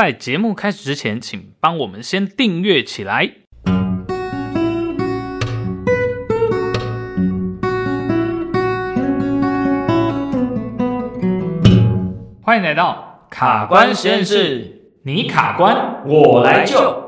在節目開始之前，請幫我們先訂閱起來。歡迎來到卡關實驗室，你卡關，你卡關我來救。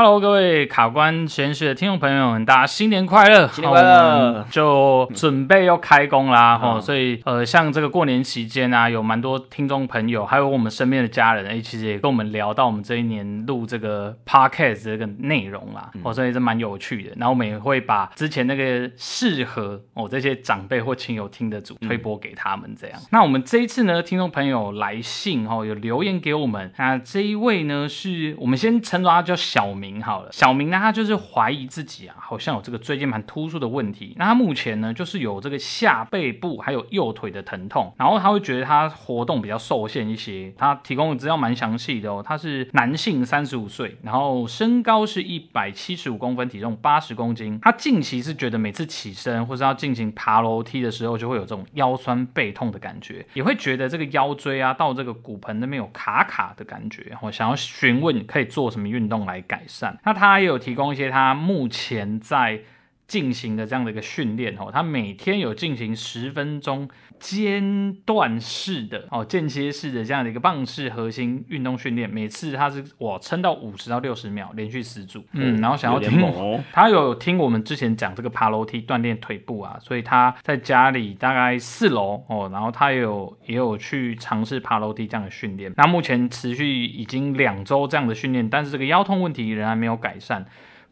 Hello，各位卡關實驗室的聽眾朋友們，大家新年快樂！新年快樂！好，就準備要開工啦，吼、嗯哦，所以呃，像這個過年期間啊，有蠻多聽眾朋友，還有我們身邊的家人，哎、欸，其實也跟我們聊到我們這一年錄這個 podcast 這個內容啦，嗯、哦，所以是蠻有趣的。然後我們也會把之前那個適合我這些長輩或親友聽的主推播給他們，這樣。嗯、那我們這一次呢，聽眾朋友來信，吼、哦，有留言給我們。那、啊、這一位呢，是我們先稱他叫小明。好了，小明呢，他就是懷疑自己啊，好像有這個椎間盤突出的問題。那他目前呢，就是有這個下背部還有右腿的疼痛，然後他會覺得他活動比較受限一些。他提供的資料蠻詳細的哦，他是男性，三十五歲，然後身高是一百七十五公分，體重八十公斤。他近期是覺得每次起身或是要進行爬樓梯的時候，就會有這種腰酸背痛的感覺，也會覺得這個腰椎啊到這個骨盆那邊有卡卡的感覺。我、哦、想要詢問你可以做什麼運動來改善。那他也有提供一些，他目前在進行的這樣的一個訓練哦，他每天有進行十分鐘間斷式的哦間歇式的這樣的一個棒式核心運動訓練，每次他是我撐到五十到六十秒，連續十組。對嗯，然後想要聽，有哦、他有聽我們之前講這個爬樓梯鍛鍊腿部啊，所以他在家裡大概四樓哦，然後他也有也有去嘗試爬樓梯這樣的訓練。那目前持續已經兩周這樣的訓練，但是這個腰痛問題仍然沒有改善。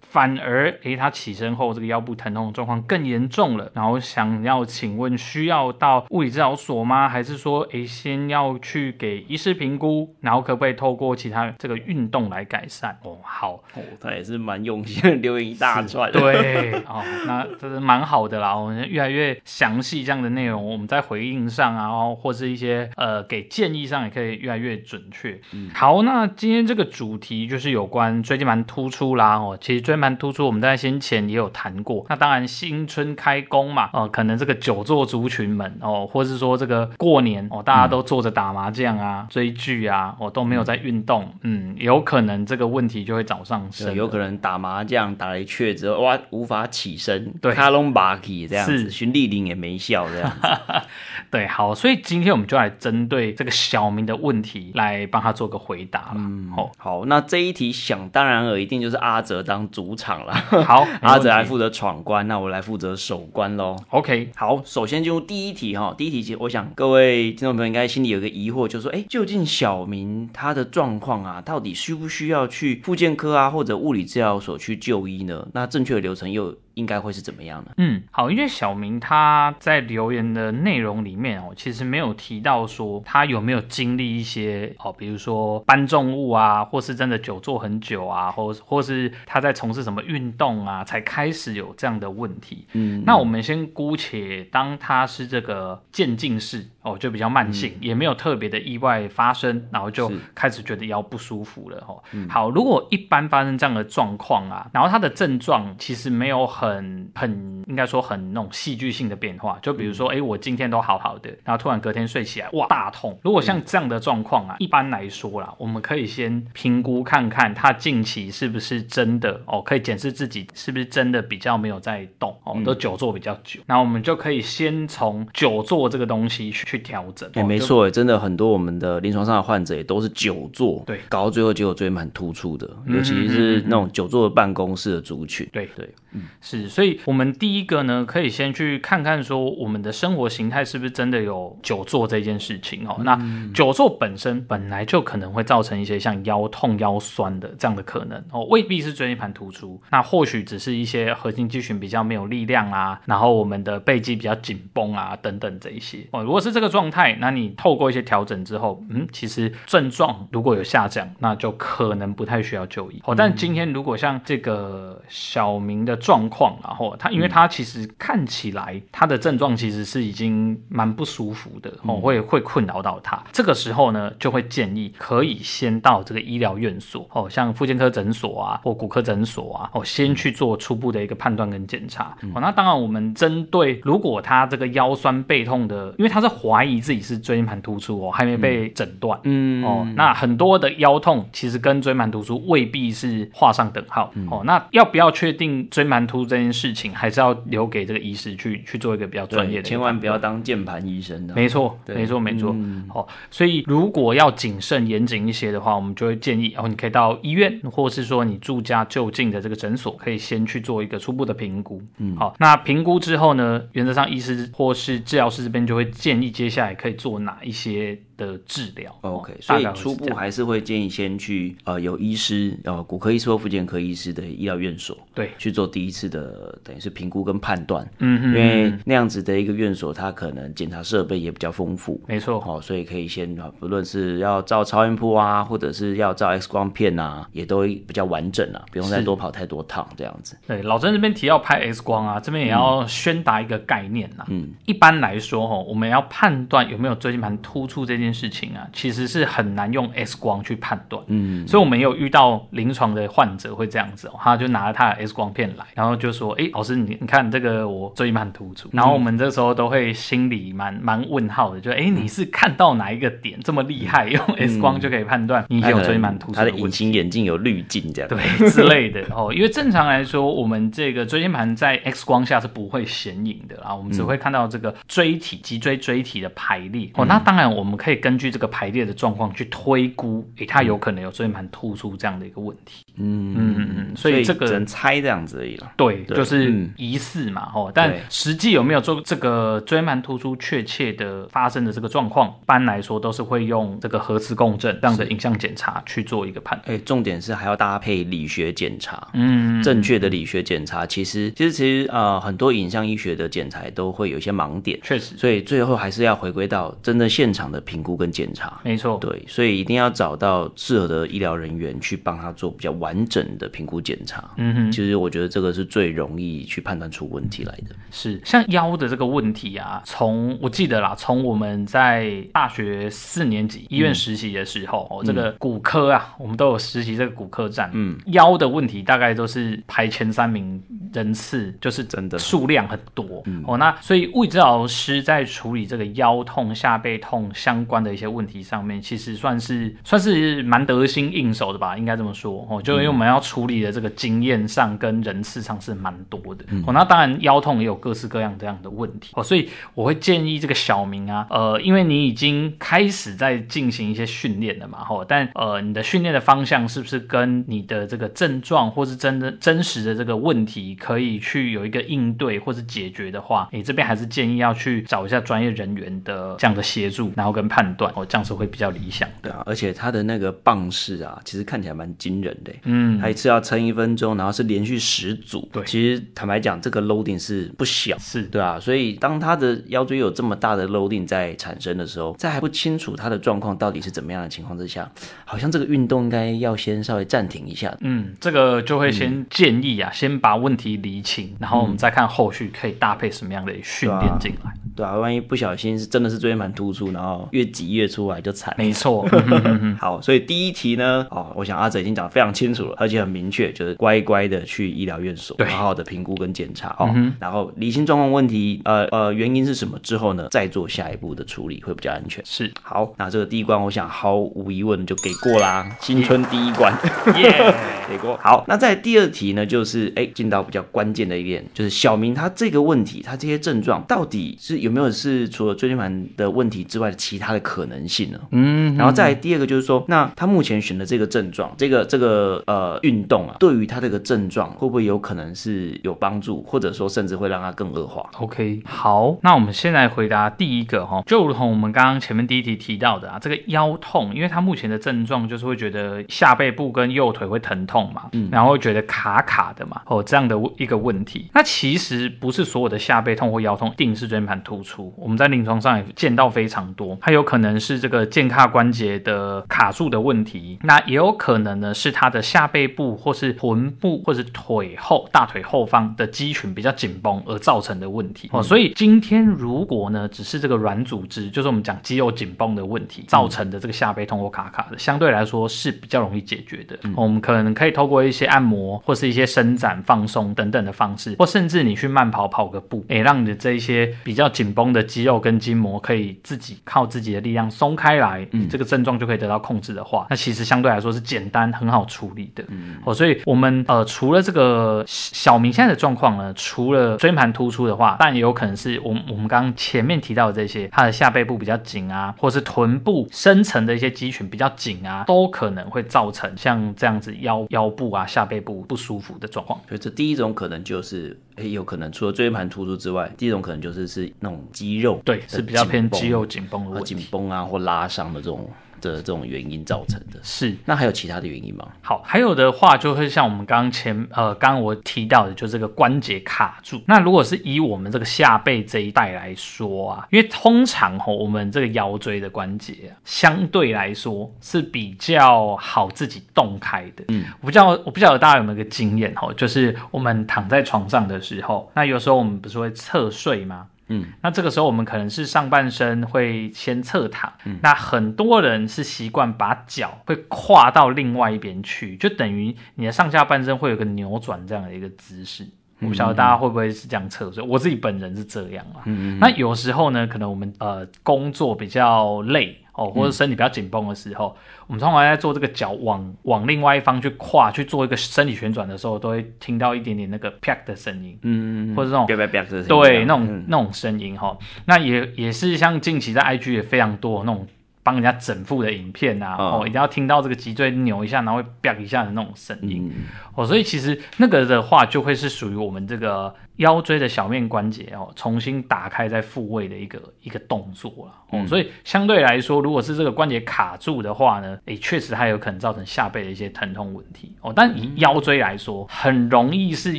反而，誒、欸，他起身後這個腰部疼痛的狀況更嚴重了。然後想要請問，需要到物理治療所嗎？還是說，誒、欸，先要去給醫師評估，然後可不可以透過其他這個運動來改善？哦，好，哦、他也是蠻用心留言一大串。對，哦，那這是蠻好的啦。我們越來越詳細這樣的內容，我們在回應上啊，然後或是一些呃給建議上也可以越來越準確。嗯，好，那今天這個主題就是有關椎間盤突出啦，哦，其實。椎間盤突出，我們在先前也有談過。那當然，新春開工嘛，哦、呃，可能這個久坐族群們，哦、呃，或是說這個過年，哦、呃，大家都坐着打麻將啊、嗯、追劇啊，哦、呃，都沒有在運動，嗯，嗯，有可能這個問題就會找上身。有可能打麻將打了一雀之後，哇，無法起身。對，卡龍巴基這樣是徐立林也沒笑這樣子。 對，好，所以今天我們就來針對這個小明的問題來幫他做個回答了。好、嗯哦，好，那這一題想當然了，一定就是阿澤當主場了。 好，阿澤來負責闖關，那我來負責守關嘍。OK，好，首先進入第一題哈。第一題，其實我想各位聽眾朋友應該心裡有個疑惑，就是說，哎，究竟小明他的狀況啊，到底需不需要去復健科啊，或者物理治療所去就醫呢？那正確的流程又？應該會是怎麼樣呢？嗯，好，因為小明他在留言的內容裡面哦，其實沒有提到說他有沒有經歷一些哦，比如說搬重物啊，或是真的久坐很久啊，或或是他在從事什麼運動啊，才開始有這樣的問題。嗯，嗯，那我們先姑且當他是這個漸進式。哦，就比較慢性，嗯、也沒有特別的意外發生，然後就開始覺得腰不舒服了。哦是。好，如果一般發生這樣的狀況啊，然後他的症狀其實沒有很很，應該說很那種戲劇性的變化，就比如說，哎、嗯欸，我今天都好好的，然後突然隔天睡起來，哇，大痛。如果像這樣的狀況啊，嗯、一般來說啦，我們可以先評估看看他近期是不是真的哦、喔，可以檢視自己是不是真的比較沒有在動哦，喔嗯、都久坐比較久，那我們就可以先從久坐這個東西去。去調整，哎、哦欸，沒錯，哎就，真的很多我們的臨床上的患者也都是久坐，對，搞到最後結果椎間盤突出的，嗯嗯嗯嗯嗯，尤其是那種久坐的辦公室的族群，對對，對嗯、是，所以我們第一個呢，可以先去看看說我們的生活形態是不是真的有久坐這件事情哦。嗯、那久坐本身本來就可能會造成一些像腰痛、腰酸的這樣的可能哦，未必是椎間盤突出，那或許只是一些核心肌群比較沒有力量啊，然後我們的背肌比較緊繃啊，等等這一些哦，如果是這個狀態，那你透過一些調整之後，嗯，其實症狀如果有下降，那就可能不太需要就醫哦。但今天如果像這個小明的狀況，然、哦、後他因為他其實看起來他的症狀其實是已經蠻不舒服的哦，會會困擾到他。這個時候呢，就會建議可以先到這個醫療院所哦，像復健科診所啊或骨科診所啊哦，先去做初步的一個判斷跟檢查、嗯、哦。那當然，我們針對如果他這個腰酸背痛的，因為他是滑。懷疑自己是椎間盤突出哦，還沒被診斷、嗯。嗯哦，那很多的腰痛其實跟椎間盤突出未必是畫上等號。嗯、哦，那要不要確定椎間盤突出這件事情，還是要留給這個醫師去去做一個比較專業的。千萬不要當鍵盤醫生的。沒錯，沒錯、嗯，沒錯。哦，所以如果要謹慎嚴謹一些的話，我們就會建議哦，你可以到醫院，或是說你住家就近的這個診所，可以先去做一個初步的評估。嗯，好、哦，那評估之後呢，原則上醫師或是治療師這邊就會建議。接下來可以做哪一些？的治療，OK，所以初步還是會建議先去呃有醫師呃骨科醫師或復健科醫師的醫療院所，對，去做第一次的等於是評估跟判斷，嗯哼，因為那樣子的一個院所，它可能檢查設備也比較豐富，沒錯錯，哦，所以可以先不論是要照超音波啊，或者是要照 X 光片啊，也都比較完整啦、啊，不用再多跑太多趟這樣子。對，老鄭這邊提要拍 X 光啊，這邊也要宣達一個概念啦、啊、嗯，一般來說吼，我們要判斷有沒有椎間盤突出這件。件事情啊，其實是很難用 X 光去判斷，嗯，所以我們有遇到臨床的患者會這樣子、喔，他就拿了他的 X 光片來，然後就說：“哎，老師，你你看這個我椎間盤突出。”然後我們這時候都會心裡蠻蠻問號的，就：“哎，你是看到哪一個點這麼厲害，用 X 光就可以判斷你有椎間盤突出？他的隱形眼鏡有濾鏡這樣對之類的哦、喔，因為正常來說，我們這個椎間盤在 X 光下是不會顯影的啦，我們只會看到這個椎體、脊椎椎體的排列哦、喔。那當然我們可以。根據這個排列的狀況去推估，誒、欸，他有可能有椎間盤突出這樣的一個問題。嗯嗯嗯，所以這個只能猜這樣子而已了。對，對就是疑似嘛，嗯、但實際有沒有做這個椎間盤突出確切的發生的這個狀況，一對般來說都是會用這個核磁共振這樣的影像檢查去做一個判斷、欸。重點是還要搭配理學檢查。嗯，正確的理學檢查，其實其實其實呃很多影像醫學的檢查都會有一些盲點。確實，所以最後還是要回歸到真的現場的評。估跟檢查，沒錯，對，所以一定要找到適合的醫療人員去幫他做比較完整的評估檢查。嗯哼，其實我覺得這個是最容易去判斷出問題來的。是，像腰的這個問題啊，從我記得啦，從我們在大學四年級醫院實習的時候、嗯哦，這個骨科啊，我們都有實習這個骨科站。嗯，腰的問題大概都是排前三名人次，就是真的數量很多。嗯、哦，那所以物理治療師在處理這個腰痛、下背痛相關，的一些問題上面，其實算是算是蠻得心應手的吧，應該這麼說哦。就因為我們要處理的這個經驗上跟人次上是蠻多的哦。那當然腰痛也有各式各樣這樣的問題哦，所以我會建議這個小明啊，呃，因為你已經開始在進行一些訓練了嘛，吼，但呃，你的訓練的方向是不是跟你的這個症狀或是真的真實的這個問題可以去有一個應對或是解決的話，你、欸、這邊還是建議要去找一下專業人員的這樣的協助，然後跟判。哦，這樣子會比較理想的對。啊，而且他的那個棒式啊，其實看起來蠻驚人的，嗯，他一次要撐一分鐘，然後是連續十組，對，其實坦白講，這個 loading 是不小，是對啊，所以當他的腰椎有這麼大的 loading 在產生的時候，在還不清楚他的狀況到底是怎麼樣的情況之下，好像這個運動應該要先稍微暫停一下，嗯，這個就會先建議啊，嗯、先把問題理清，然後我們再看後續可以搭配什麼樣的訓練進來對。啊，對啊，萬一不小心是真的是椎間盤突出，然後越幾月出來就慘錯，沒錯。好，所以第一題呢，哦，我想阿澤已經講得非常清楚了，而且很明確，就是乖乖的去醫療院所，好對好的評估跟檢查、嗯、哼哦。然後，釐清狀況問題，呃呃，原因是什麼之後呢，再做下一步的處理會比較安全。是，好，那這個第一關，我想毫無疑問就給過啦，新春第一關，耶，給過。好，那在第二題呢，就是哎，進、欸、到比較關鍵的一點，就是小明他這個問題，他這些症狀到底是有沒有是除了椎間盤的問題之外的其他？可能性呢、嗯？嗯，然後再來第二個就是說，那他目前選的這個症狀，這個這個呃運動啊，對於他這個症狀會不會有可能是有幫助，或者說甚至會讓他更惡化？OK，好，那我們先來回答第一個哈，就如同我們剛剛前面第一題提到的啊，這個腰痛，因為他目前的症狀就是會覺得下背部跟右腿會疼痛嘛，嗯、然後會覺得卡卡的嘛，哦，這樣的一個問題，那其實不是所有的下背痛或腰痛一定是椎間盤突出，我們在臨床上也見到非常多，還有。可能是這個薦髂關節的卡住的問題，那也有可能呢是他的下背部或是臀部或者腿後大腿後方的肌群比較緊繃而造成的問題哦。所以今天如果呢只是這個軟組織，就是我們講肌肉緊繃的問題造成的這個下背痛或卡卡的，嗯、相對來說是比較容易解決的。嗯、我們可能可以透過一些按摩或是一些伸展放鬆等等的方式，或甚至你去慢跑跑個步，也、欸、讓你的這一些比較緊繃的肌肉跟筋膜可以自己靠自己力量鬆開來，嗯，這個症狀就可以得到控制的話，嗯、那其實相對來說是簡單、很好處理的，嗯，哦，所以我們呃，除了這個小明現在的狀況呢，除了椎盤突出的話，但也有可能是我們我們剛前面提到的這些，他的下背部比較緊啊，或是臀部深層的一些肌群比較緊啊，都可能會造成像這樣子腰腰部啊下背部不舒服的狀況，所以這第一種可能就是。誒，有可能除了椎間盤突出之外，第一種可能就是是那種肌肉，對，是比較偏肌肉緊繃的問題，緊繃啊或拉傷的這種。嗯的這種原因造成的是，那還有其他的原因嗎？好，還有的話就是像我們剛剛前呃，剛剛我提到的，就是這個關節卡住。那如果是以我們這個下背這一帶來說啊，因為通常吼，我們這個腰椎的關節啊，相對來說是比較好自己動開的。嗯我，我不知道，我不曉得大家有沒有一個經驗吼，就是我們躺在床上的時候，那有時候我們不是會側睡嗎？嗯，那這個時候我們可能是上半身會先側躺，嗯、那很多人是習慣把腳會跨到另外一邊去，就等於你的上下半身會有個扭轉這樣的一個姿勢。嗯嗯嗯，我不曉得大家會不會是這樣側睡？我自己本人是這樣啊。嗯嗯嗯，那有時候呢，可能我們呃工作比較累。哦，或者身體比較緊繃的時候，嗯、我們通常在做這個腳往往另外一方去跨去做一個身體旋轉的時候，都會聽到一點點那個啪的聲音，嗯，嗯，嗯或者那種啪啪啪的聲對，那種、嗯、那種聲音哈，那也也是像近期在 IG 也非常多那種。幫人家整復的影片啊，哦，哦，一定要聽到這個脊椎扭一下，然後會“啪”一下的那種聲音，嗯、哦，所以其實那個的話，就會是屬於我們這個腰椎的小面關節哦，重新打開再復位的一個一個動作了，哦，所以相對來說，如果是這個關節卡住的話呢，哎、欸，確實還有可能造成下背的一些疼痛問題，哦，但以腰椎來說，很容易是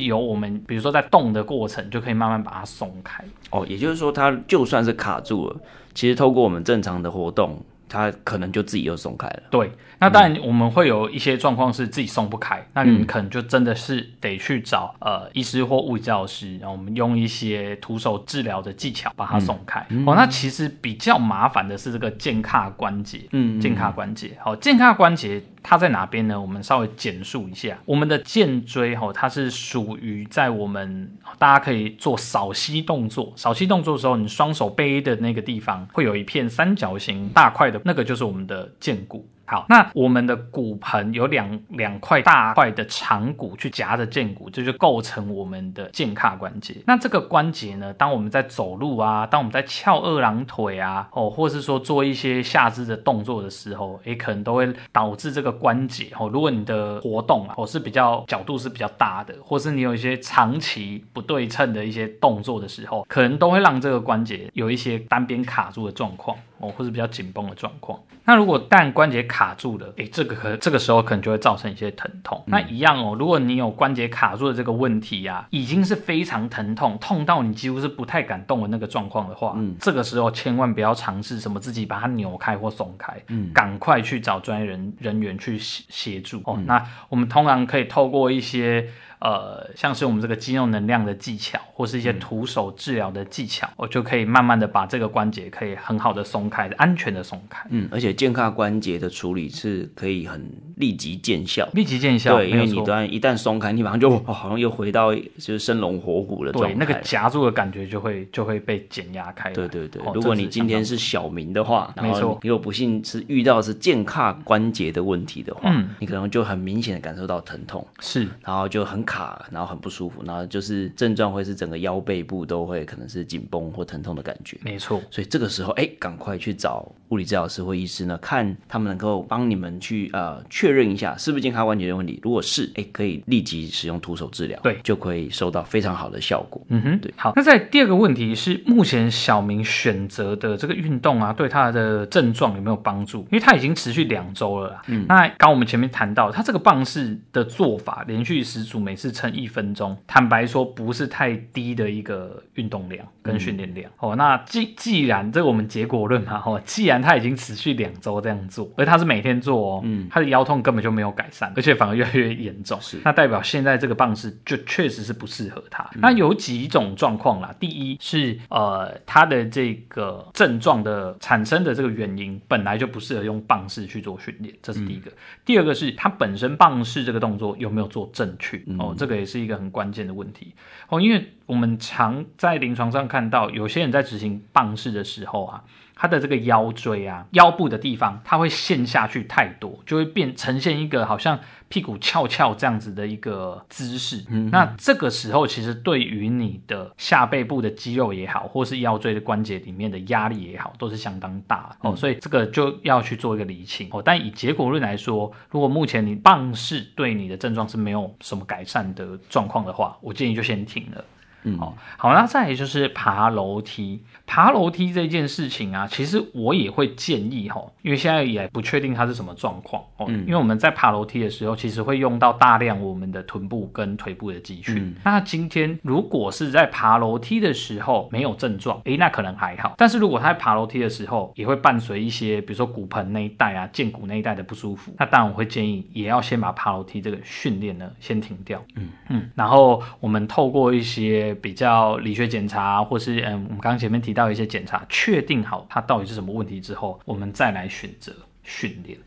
由我們比如說在動的過程就可以慢慢把它鬆開，哦，也就是說，它就算是卡住了，其實透過我們正常的活動。他可能就自己又鬆開了。對，那當然我們會有一些狀況是自己鬆不開，嗯、那你們可能就真的是得去找呃醫師或物理治療師，然後我們用一些徒手治療的技巧把它鬆開。嗯、哦，那其實比較麻煩的是這個健胯關節，嗯，嗯，健胯關節，好，健胯關節。它在哪邊呢？我們稍微簡述一下，我們的薦椎吼、哦，它是屬於在我們大家可以做掃膝動作，掃膝動作的時候，你雙手背的那個地方會有一片三角形大塊的那個就是我們的薦骨。好，那我們的骨盆有兩兩塊大塊的長骨去夾着薦骨，這就，就構成我們的薦髂關節。那這個關節呢，當我們在走路啊，當我們在翹二郎腿啊，哦，或是說做一些下肢的動作的時候，也可能都會導致這個關節哦。如果你的活動啊，哦，是比較角度是比較大的，或是你有一些長期不對稱的一些動作的時候，可能都會讓這個關節有一些單邊卡住的狀況。哦，或者比較緊繃的狀況。那如果單關節卡住了，哎、欸，這個可這個時候可能就會造成一些疼痛。嗯、那一樣哦，如果你有關節卡住的這個問題呀、啊，已經是非常疼痛，痛到你幾乎是不太敢動的那個狀況的話，嗯，這個時候千萬不要嘗試什麼自己把它扭開或鬆開，嗯，趕快去找專業人人員去協協助、嗯、哦。那我們通常可以透過一些。呃，像是我們這個肌肉能量的技巧，或是一些徒手治療的技巧，我就可以慢慢的把這個關節可以很好的鬆開，安全的鬆開。嗯，而且髖關節的處理是可以很立即見效，立即見效。對，因為你一旦一旦鬆開，你馬上就好像又回到就是生龍活虎了的狀態。對，那個夾住的感覺就會就會被減壓開。對對對，如果你今天是小明的話，沒錯。如果不幸是遇到是髖關節的問題的話，你可能就很明顯的感受到疼痛，是，然後就很。卡，然後很不舒服，然後就是症狀會是整個腰背部都會可能是緊繃或疼痛的感覺。沒錯，所以這個時候哎，趕快去找物理治療師或醫師呢，看他們能夠幫你們去呃確認一下是不是健康關節的問題。如果是哎，可以立即使用徒手治療，對，就可以收到非常好的效果。嗯哼，對。好，那在第二個問題是，目前小明選擇的這個運動啊，對他的症狀有沒有幫助？因為他已經持續兩周了啦。嗯，那剛剛我們前面談到他這個棒式的做法，連續十組每。是撐一分鐘，坦白說不是太低的一個運動量跟訓練量，嗯、哦。那既既然這個，我們結果論嘛，哦，既然他已經持續兩周這樣做，而他是每天做哦，嗯，他的腰痛根本就沒有改善，而且反而越來越嚴重，是，那代表現在這個棒式就確實是不適合他。嗯，那有幾種狀況啦，第一是呃他的這個症狀的產生的這個原因本來就不適合用棒式去做訓練，這是第一個。嗯，第二個是他本身棒式這個動作有沒有做正確，嗯、哦。哦，這個也是一個很關鍵的問題哦，因為我們常在臨床上看到，有些人在執行棒式的時候啊。它的這個腰椎啊，腰部的地方，它會陷下去太多，就會變呈現一個好像屁股翹翹這樣子的一個姿勢。嗯，嗯，那這個時候其實對於你的下背部的肌肉也好，或是腰椎的關節裡面的壓力也好，都是相當大、嗯、哦。所以這個就要去做一個理清哦。但以結果論來說，如果目前你棒式對你的症狀是沒有什麼改善的狀況的話，我建議就先停了。嗯，好，好，那再來就是爬樓梯，爬樓梯這件事情啊，其實我也會建議吼，因為現在也不確定它是什麼狀況哦，因為我們在爬樓梯的時候，其實會用到大量我們的臀部跟腿部的肌群。嗯、那今天如果是在爬樓梯的時候沒有症狀，誒、欸，那可能還好。但是如果他在爬樓梯的時候，也會伴隨一些，比如說骨盆那一帶啊、薦骨那一帶的不舒服，那當然我會建議也要先把爬樓梯這個訓練呢先停掉。嗯嗯，嗯然後我們透過一些。比較理學檢查，或是嗯，我們剛剛前面提到一些檢查，確定好它到底是什麼問題之後，我們再來選擇訓練。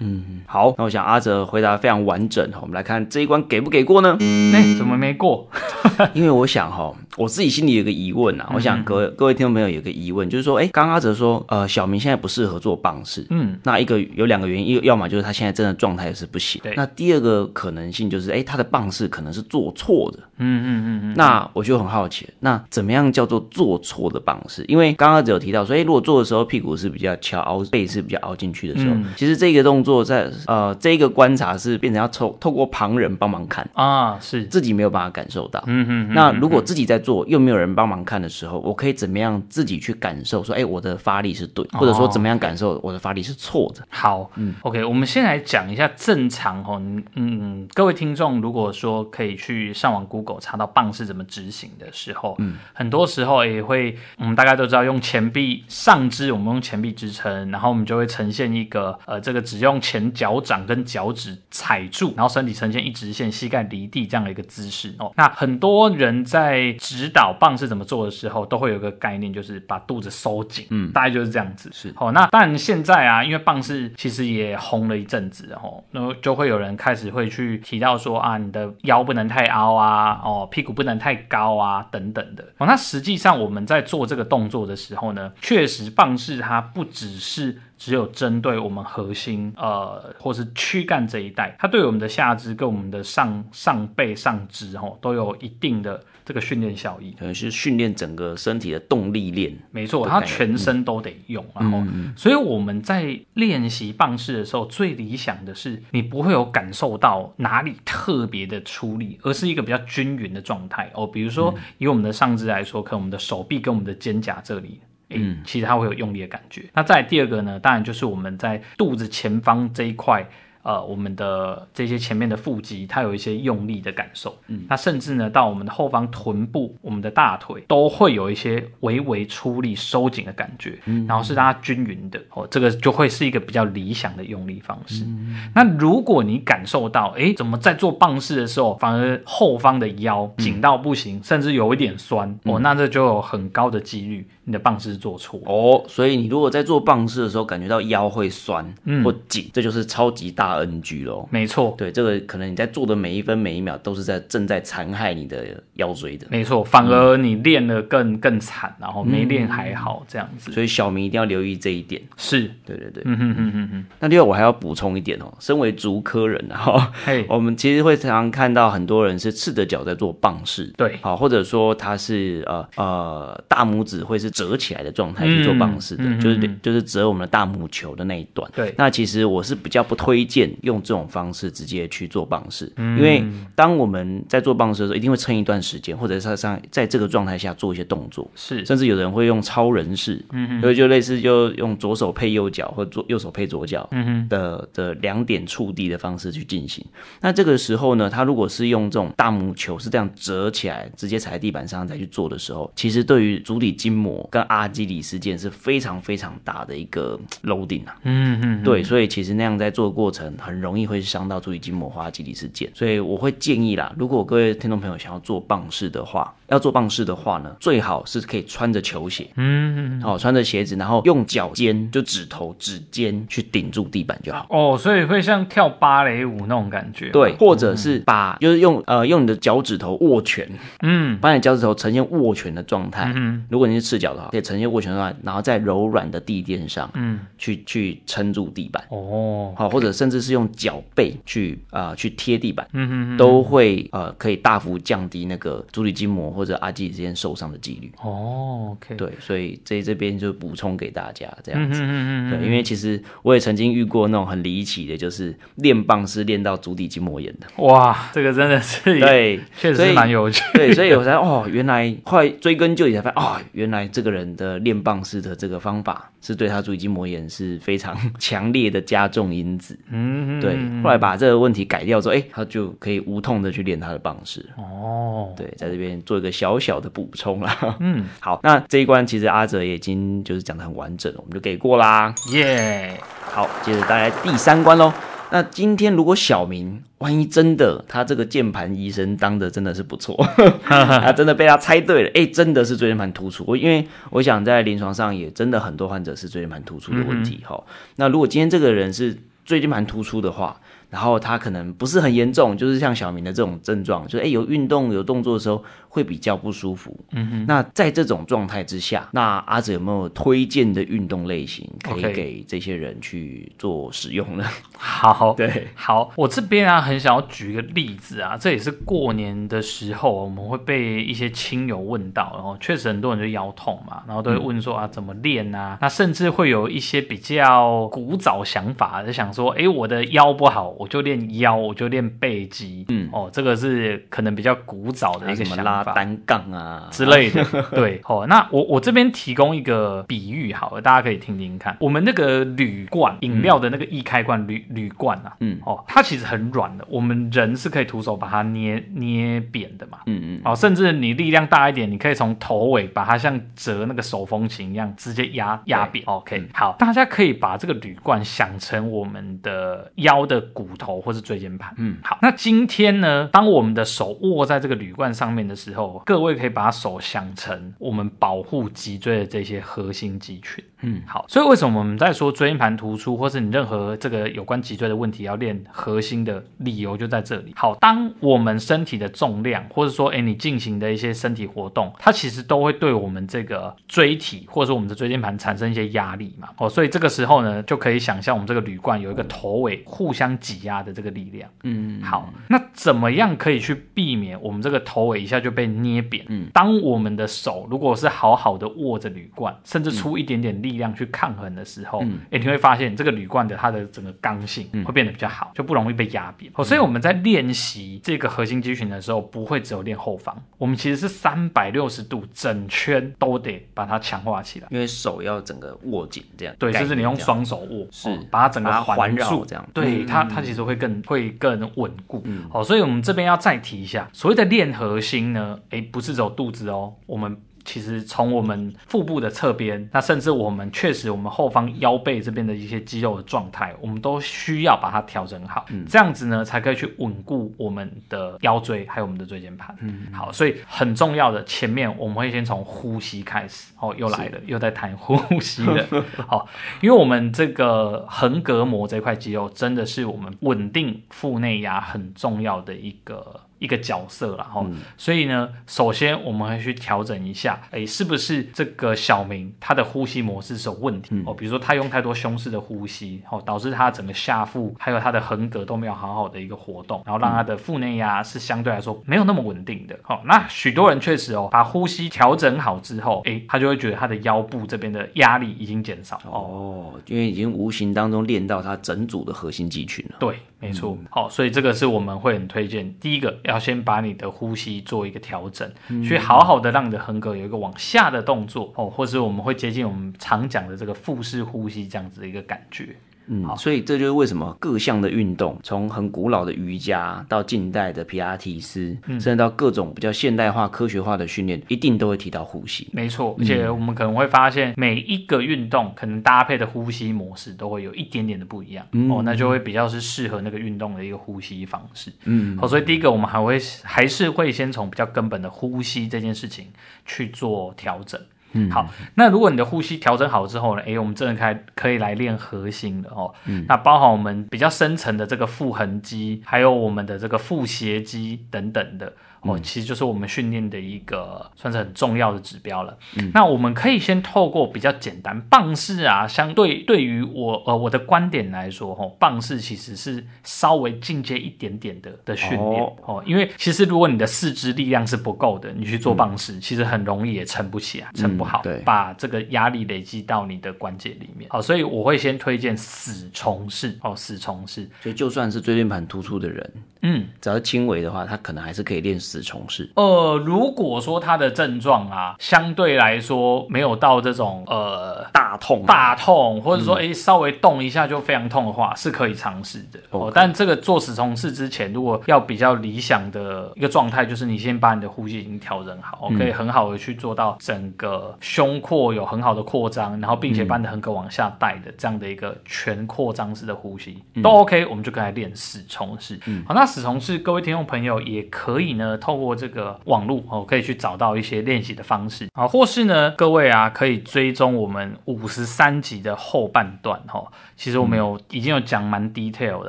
嗯，好，那我想阿哲回答非常完整哈，我們來看這一關給不給過呢？嗯、欸，怎麼沒過？ 因為我想哈，我自己心裡有一個疑問啊，我想各位、嗯、哼各位聽眾朋友有一個疑問，就是說，哎、欸，剛剛阿哲說，呃，小明現在不適合做棒式，嗯，那一個有兩個原因，要麼就是他現在真的狀態是不行，對，那第二個可能性就是，哎、欸，他的棒式可能是做錯的，嗯嗯嗯嗯，那我就很好奇，那怎麼樣叫做做錯的棒式？因為剛剛阿哲有提到說，哎、欸，如果做的時候屁股是比較翹，背是比較凹進去的時候，嗯、其實這個動作。做在呃，這一個觀察是變成要透透過旁人幫忙看啊，是自己沒有辦法感受到。嗯嗯哼。那如果自己在做、嗯、哼又沒有人幫忙看的時候，我可以怎麼樣自己去感受說，哎，我的發力是對，哦、或者說怎麼樣感受我的發力是錯的。好，嗯，OK，我們先來講一下正常哦，嗯嗯，各位聽眾如果說可以去上網 Google 查到棒式怎麼執行的時候，嗯，很多時候也會，我、嗯、們大家都知道用前臂上肢，我們用前臂支撐，然後我們就會呈現一個，呃，這個只用。前腳掌跟腳趾踩住，然後身體呈現一直線，膝蓋離地這樣的一個姿勢哦。那很多人在指導棒式怎麼做的時候，都會有個概念，就是把肚子收緊，嗯，大概就是這樣子。是、哦、那當然現在啊，因為棒式其實也紅了一陣子哦，那就會有人開始會去提到說啊，你的腰不能太凹啊，哦，屁股不能太高啊，等等的。哦，那實際上我們在做這個動作的時候呢，確實棒式它不只是。只有針對我們核心，呃，或是軀幹這一帶，它對我們的下肢跟我們的上上背上肢吼都有一定的這個訓練效益，可能是訓練整個身體的動力鏈。沒錯，它對全身都得用，對嗯、然後，所以我們在練習棒式的時候，最理想的是你不會有感受到哪裡特別的出力，而是一個比較均勻的狀態哦。比如說，以我們的上肢來說，嗯、可能我們的手臂跟我們的肩胛這裡。嗯、欸，其實它會有用力的感覺。嗯、那再來第二個呢，當然就是我們在肚子前方這一塊。呃，我們的這些前面的腹肌，它有一些用力的感受，嗯，那甚至呢，到我們的後方臀部、我們的大腿都會有一些微微出力、收緊的感覺，嗯，然後是讓它均勻的，哦，這個就會是一個比較理想的用力方式。嗯，那如果你感受到，哎，怎麼在做棒式的時候，反而後方的腰緊到不行，嗯、甚至有一點酸，嗯、哦，那這就有很高的幾率，你的棒式做錯了。哦，所以你如果在做棒式的時候感覺到腰會酸，嗯，或緊，這就是超級大。NG 嘍，咯沒錯錯，對，這個可能你在做的每一分每一秒都是在正在殘害你的腰椎的，沒錯，反而你練得更更慘，然後沒練還好這樣子，嗯嗯，所以小明一定要留意這一點，是對對對，嗯哼嗯哼嗯嗯，那另外我還要補充一點哦、喔，身為足科人哈、喔，嘿，我們其實會常常看到很多人是赤着腳在做棒式，對，好、喔，或者說他是呃呃大拇指會是折起來的狀態去做棒式的，嗯、嗯嗯，就是就是折我們的大母球的那一段，對，那其實我是比較不推薦。用這種方式直接去做棒式，因為當我們在做棒式的時候，一定會撐一段時間，或者是上在這個狀態下做一些動作，是，甚至有人會用超人式，嗯嗯所以就類似就用左手配右腳，或左右手配左腳的的兩點觸地的方式去進行。嗯嗯那這個時候呢，他如果是用這種大拇球是這樣折起來，直接踩在地板上再去做的時候，其實對於足底筋膜跟阿基里斯腱是非常非常大的一個 loading 啊，嗯，嗯嗯，對，所以其實那樣在做過程。很容易會傷到注意筋膜花肌力事件，所以我會建議啦，如果各位聽眾朋友想要做棒式的話。要做棒式的話呢，最好是可以穿着球鞋，嗯，好、哦，穿着鞋子，然後用腳尖就指頭指尖去頂住地板就好。哦，所以會像跳芭蕾舞那種感覺。對，或者是把、嗯、就是用呃用你的腳趾頭握拳，嗯，把你腳趾頭呈現握拳的狀態、嗯。嗯，如果你是赤腳的話，可以呈現握拳狀態，然後在柔軟的地墊上，嗯，去去撐住地板。哦，好、哦，或者甚至是用腳背去啊、呃、去貼地板，嗯嗯嗯，嗯嗯都會呃可以大幅降低那個足底筋膜。或者阿基之間受傷的幾率哦、okay、對，所以在這這邊就補充給大家這樣子，嗯嗯嗯嗯對，因為其實我也曾經遇過那種很離奇的，就是練棒式練到足底筋膜炎的，哇，這個真的是對，確實是蠻有趣的，對，所以我才哦，原來後來追根究底才發現哦，原來這個人的練棒式的這個方法是對他足底筋膜炎是非常強烈的加重因子，嗯、嗯、嗯、嗯，對，後來把這個問題改掉之後，哎、欸，他就可以無痛的去練他的棒式，哦，對，在這邊做一個。小小的補充啦，嗯，好，那這一關其實阿澤也已經就是講得很完整，我們就給過啦，耶、yeah!，好，接着帶來第三關嘍。那今天如果小明，萬一真的他這個鍵盤醫生當得真的是不錯， 他真的被他猜對了，哎、欸，真的是椎間盤突出。我，因為我想在臨床上也真的很多患者是椎間盤突出的問題，哈、嗯嗯。那如果今天這個人是椎間盤突出的話，然後他可能不是很嚴重，就是像小明的這種症狀，就是哎、欸、有運動有動作的時候。會比較不舒服。嗯哼，那在這種狀態之下，那阿澤有沒有推薦的運動類型可以給這些人去做使用呢？Okay、好，對，好，我這邊啊，很想要舉一個例子啊，這也是過年的時候我們會被一些親友問到，然後確實很多人就腰痛嘛，然後都會問說啊，怎麼練啊？嗯、那甚至會有一些比較古早想法，就想說，哎、欸，我的腰不好，我就練腰，我就練背肌。嗯，哦，這個是可能比較古早的一個、欸、想法。啊、單槓啊之類的， 對，哦，那我我這邊提供一個比喻，好了，大家可以聽聽看。我們那個鋁罐飲料的那個易開罐嗯、鋁鋁罐啊，嗯哦，它其實很軟的，我們人是可以徒手把它捏捏扁的嘛，嗯嗯，哦，甚至你力量大一點，你可以從頭尾把它像折那個手風琴一樣，直接壓壓扁。OK，好，大家可以把這個鋁罐想成我們的腰的骨頭或是椎間盤。嗯，好，那今天呢，當我們的手握在這個鋁罐上面的時候。之後，各位可以把手想成我們保護脊椎的這些核心肌群。嗯，好，所以為什麼我們在說椎間盤突出，或是你任何這個有關脊椎的問題要練核心的理由就在這裡。好，當我們身體的重量或是，或者說哎你進行的一些身體活動，它其實都會對我們這個椎體，或者說我們的椎間盤產生一些壓力嘛。哦，所以這個時候呢，就可以想象我們這個鋁罐有一個頭尾互相擠壓的這個力量。嗯，嗯，好，那怎麼樣可以去避免我們這個頭尾一下就被捏扁？嗯，嗯，當我們的手如果是好好的握着鋁罐，甚至出一點點力。力量去抗衡的時候，嗯欸、你會發現這個鋁罐的它的整個剛性會變得比較好，嗯、就不容易被壓扁。所以我們在練習這個核心肌群的時候，不會只有練後方，我們其實是三百六十度整圈都得把它強化起來，因為手要整個握緊這樣。對，就是你用雙手握，是、哦、把它整個環繞這樣。對，它它其實會更會更穩固。嗯、好，所以我們這邊要再提一下，嗯、所謂的練核心呢，誒、欸，不是只有肚子哦，我們。其實從我們腹部的側邊，那甚至我們確實我們後方腰背這邊的一些肌肉的狀態，我們都需要把它調整好，嗯、這樣子呢才可以去穩固我們的腰椎還有我們的椎間盤。嗯，好，所以很重要的前面我們會先從呼吸開始。哦，又來了，是又在談呼吸了。 好，因為我們這個橫隔膜這塊肌肉真的是我們穩定腹內壓很重要的一個。一個角色了哈。哦嗯、所以呢，首先我們會去調整一下，哎、欸，是不是這個小明他的呼吸模式是有問題？嗯、哦，比如說他用太多胸式的呼吸，哦，導致他整個下腹還有他的橫膈都沒有好好的一個活動，然後讓他的腹內壓是相對來說沒有那麼穩定的。好、哦，那許多人確實哦，嗯、把呼吸調整好之後，哎、欸，他就會覺得他的腰部這邊的壓力已經減少哦，因為已經無形當中練到他整組的核心肌群了。對。沒錯，好、嗯哦，所以這個是我們會很推薦。第一個要先把你的呼吸做一個調整，嗯、去好好的讓你的橫膈有一個往下的動作哦，或是我們會接近我們常講的這個腹式呼吸這樣子的一個感覺。嗯，所以這就是為什麼各項的運動，從很古老的瑜伽到近代的皮拉提斯，嗯、甚至到各種比較現代化、科學化的訓練，一定都會提到呼吸。沒錯，而且我們可能會發現，每一個運動可能搭配的呼吸模式都會有一點點的不一樣。嗯、哦，那就會比較是適合那個運動的一個呼吸方式。嗯，好、哦，所以第一個我們還會還是會先從比較根本的呼吸這件事情去做調整。嗯，好，那如果你的呼吸調整好之後呢？哎、欸，我們真的開可以來練核心的哦。嗯、那包含我們比較深層的這個腹橫肌，還有我們的這個腹斜肌等等的。哦，其實就是我們訓練的一個算是很重要的指標了。嗯，那我們可以先透過比較簡單棒式啊，相對對於我呃我的觀點來說，吼、哦、棒式其實是稍微進階一點點的的訓練哦，哦。因為其實如果你的四肢力量是不夠的，你去做棒式、嗯、其實很容易也撐不起來、啊，撐不好，嗯、對，把這個壓力累積到你的關節裡面。好、哦，所以我會先推薦死蟲式哦，死蟲式。所以就算是椎間盤突出的人。嗯，只要輕微的話，他可能還是可以練死蟲式。呃，如果說他的症狀啊，相對來說沒有到這種呃大痛、啊、大痛，或者說哎、嗯欸、稍微動一下就非常痛的話，是可以嘗試的。嗯、哦，但這個做死蟲式之前，如果要比較理想的一個狀態，就是你先把你的呼吸已經調整好，嗯、可以很好的去做到整個胸廓有很好的擴張，然後並且把你的橫膈往下帶的這樣的一個全擴張式的呼吸、嗯、都 OK，我們就可以來練死蟲式。嗯、好，那。死蟲式，各位聽眾朋友也可以呢，透過這個網絡哦，可以去找到一些練習的方式啊、哦，或是呢，各位啊，可以追蹤我們五十三集的後半段、哦、其實我們有、嗯、已經有講蠻 detail 的，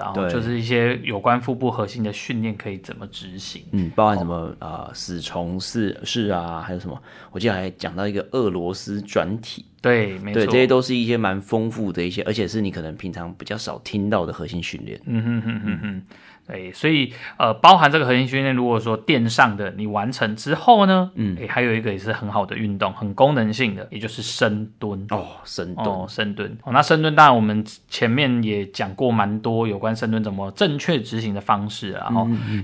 然後就是一些有關腹部核心的訓練可以怎麼執行，嗯，包含什麼啊死蟲式式啊，還有什麼，我記得還講到一個俄羅斯轉體，對，沒錯對，這些都是一些蠻豐富的一些，而且是你可能平常比較少聽到的核心訓練，嗯哼哼哼哼。欸、所以呃，包含這個核心訓練，如果說墊上的你完成之後呢，欸，嗯，還有一個也是很好的運動，很功能性的，也就是深蹲哦，深蹲，哦，深蹲哦深。哦，那深蹲，當然我們前面也講過蠻多有關深蹲怎麼正確執行的方式，啊，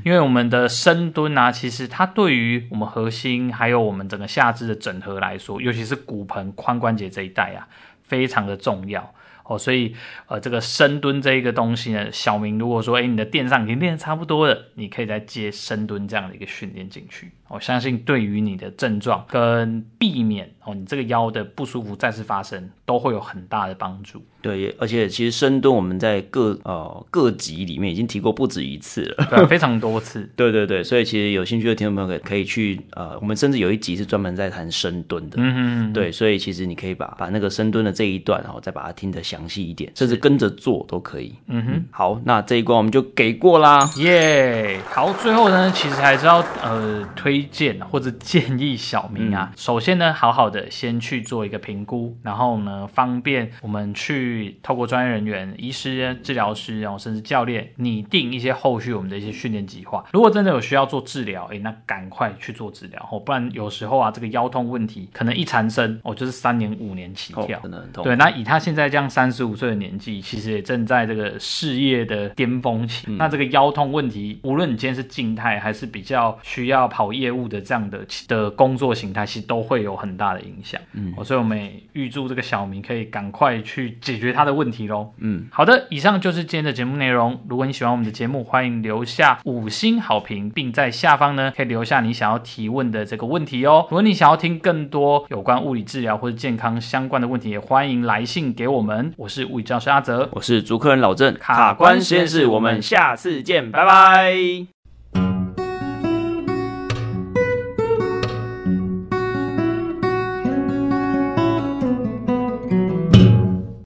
因為我們的深蹲啊，其實它對於我們核心還有我們整個下肢的整合來說，尤其是骨盆髖關節這一帶啊，非常的重要。哦，所以呃，這個深蹲這一個東西呢，小明如果說，哎，你的墊上已經練得差不多了，你可以再接深蹲這樣的一個訓練進去。我、哦、相信對於你的症狀跟避免哦，你這個腰的不舒服再次發生，都會有很大的幫助。對，而且其實深蹲我們在各呃各集裡面已經提過不止一次了，對、啊，非常多次。 對對對，所以其實有興趣的聽眾朋友可以去呃，我們甚至有一集是專門在談深蹲的，嗯哼嗯嗯，對，所以其實你可以把把那個深蹲的這一段、哦，然後再把它聽得下。詳細一點，甚至跟着做都可以。嗯哼，好，那這一關我們就給過啦。耶、yeah，好，最後呢，其實還是要呃推薦或者建議小明啊，嗯、首先呢，好好的先去做一個評估，然後呢，方便我們去透過專業人員、醫師、治療師，然後甚至教練擬定一些後續我們的一些訓練計劃。如果真的有需要做治療，誒、欸，那趕快去做治療，不然有時候啊，這個腰痛問題可能一纏身，哦，就是三年五年起跳，哦，可能很痛。對，那以他現在這樣三。三十五歲的年紀，其實也正在這個事業的巔峰期。嗯、那這個腰痛問題，無論你今天是靜態，還是比較需要跑業務的這樣的的工作形態，其實都會有很大的影響。嗯，所以我們也預祝這個小明可以趕快去解決他的問題嘍。嗯，好的，以上就是今天的節目內容。如果你喜歡我們的節目，歡迎留下五星好評，並在下方呢可以留下你想要提問的這個問題哦、喔。如果你想要聽更多有關物理治療或者健康相關的問題，也歡迎來信給我們。我是物理治療師阿澤，我是主持人老鄭，卡關實驗室，我們下次見，拜拜。